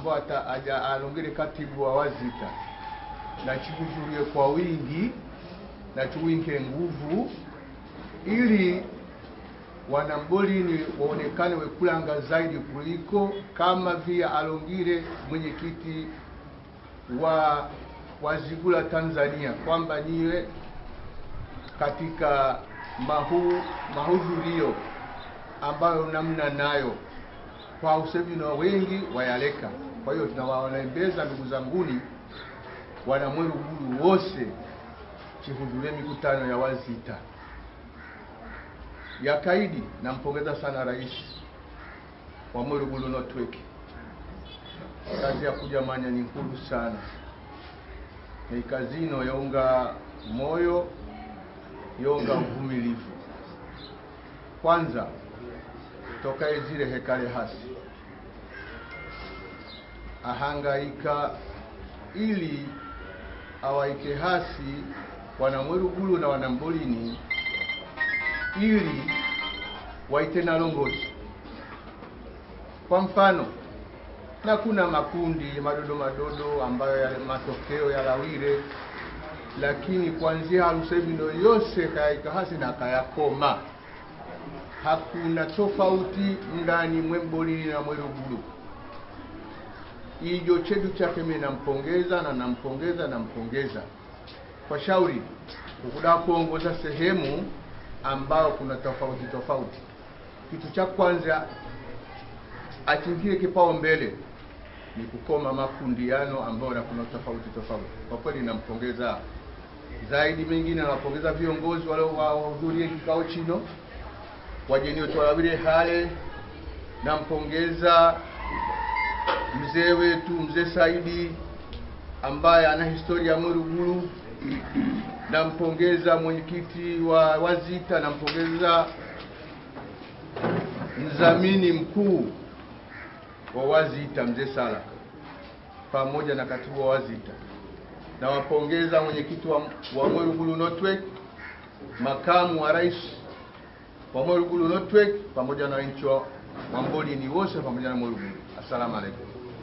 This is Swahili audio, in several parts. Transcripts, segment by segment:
ambao alongere katibu wa wazita nachikuzulie kwa wingi nachiwinke nguvu ili wanambolini waonekane wekulanga zaidi kuliko kama via alongile mwenyekiti wa wazigula Tanzania kwamba niwe katika mahu mahudhurio ambayo namna nayo kwa na wengi wayaleka kwa hiyo tunawaombeza ndugu zanguni, wanamweru guru wose, chihudhurie mikutano ya wazita ya kaidi. Nampongeza sana rais wa Mweru Guru Network, kazi ya kujamanya ni nkulu sana, ikazino yonga moyo yonga uvumilivu kwanza toka ezile hekale hasi ahangaika ili awaike hasi wanamwerugulu na wanambolini ili waite na longozi Kwa mfano, na kuna makundi madodo madodo ambayo ya matokeo lawire lakini kuanzia harusevino yose kayaika hasi na kayakoma. Hakuna tofauti ndani mwembolini na mwerugulu ijo chetu chake, mimi nampongeza na nampongeza nampongeza kwa shauri kukuda kuongoza sehemu ambayo kuna tofauti tofauti. Kitu cha kwanza achingie kipao mbele ni kukoma makundiano ambayo na kuna tofauti tofauti. Kwa kweli nampongeza zaidi, mengine nawapongeza viongozi wale wahudhurie kikao chino wajeniotoawile hale, nampongeza mzee wetu mzee Saidi ambaye ana historia Morogoro. Nampongeza mwenyekiti wa Wazita, nampongeza mdhamini mkuu wa Wazita mzee Sala pamoja na katibu wa Wazita. Nawapongeza mwenyekiti wa, wa Morogoro Northwest, makamu wa rais wa Morogoro notwek pamoja na wananchi wa Mboni ni wose pamoja na Morogoro. Asalamu alaykum.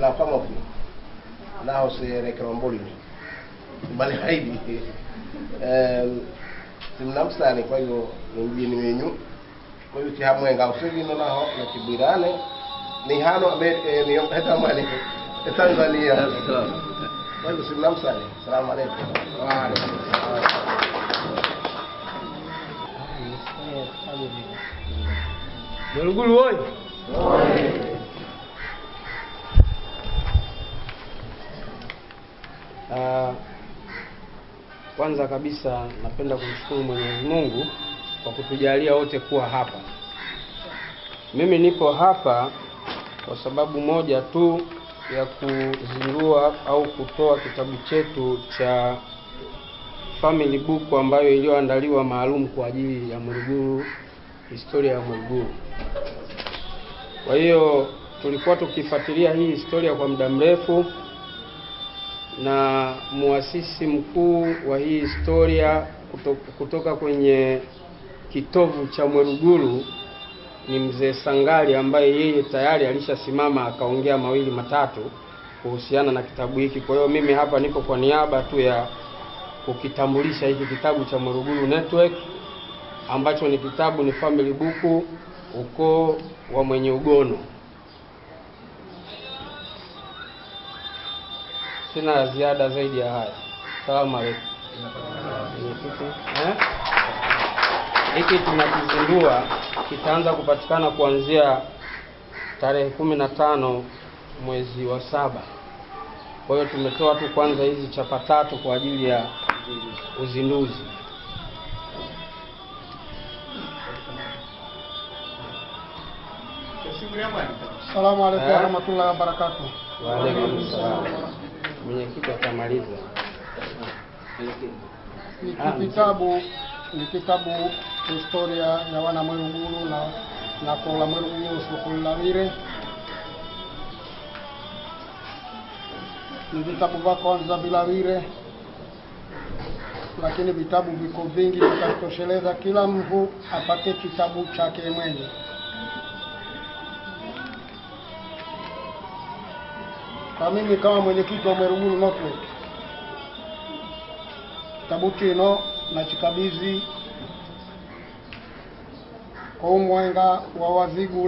la faŋo fi se sere kerombolin bal haydi tim namsani koyo no mbiyini meñu koyo ti hammoye ngaw sowino naho no ti ɓirane ni hano ɓe mi yomɓetamo aleyke e, e Kwa koyo sim namsani salamu aleykum Dorgulho woy Hoje. Ah, kwanza kabisa napenda kumshukuru Mwenyezi Mungu kwa kutujalia wote kuwa hapa. Mimi nipo hapa kwa sababu moja tu ya kuzindua au kutoa kitabu chetu cha family book ambayo iliyoandaliwa maalum kwa ajili ya Mwigulu, historia ya Mwigulu. Kwa hiyo tulikuwa tukifuatilia hii historia kwa muda mrefu na muasisi mkuu wa hii historia kutoka kwenye kitovu cha Mweruguru ni mzee Sangali ambaye yeye tayari alishasimama akaongea mawili matatu kuhusiana na kitabu hiki. Kwa hiyo mimi hapa niko kwa niaba tu ya kukitambulisha hiki kitabu cha Mweruguru Network ambacho ni kitabu ni family book ukoo wa mwenye ugono. Sina la ziada zaidi ya haya. Salamu aleikum. Eh? Hiki tunakizindua kitaanza kupatikana kuanzia tarehe kumi na tano mwezi wa saba. Kwa hiyo tumetoa tu kwanza hizi chapa tatu kwa ajili ya uzinduzi. Asalamu alaykum eh? warahmatullahi wabarakatuh. Wa mwenyekiti atamaliza. Ni kitabu ni kitabu historia ya wana Mweluguru na na kola Mweluguru sukulawire ni vitabu vya kwanza vilawire, lakini vitabu viko vingi vikatosheleza kila mtu apate kitabu chake mwenye na mimi kama mwenyekiti wa Mwerugulu Northwest, kitabu kino chikabizi kwa umwenga wa wazigu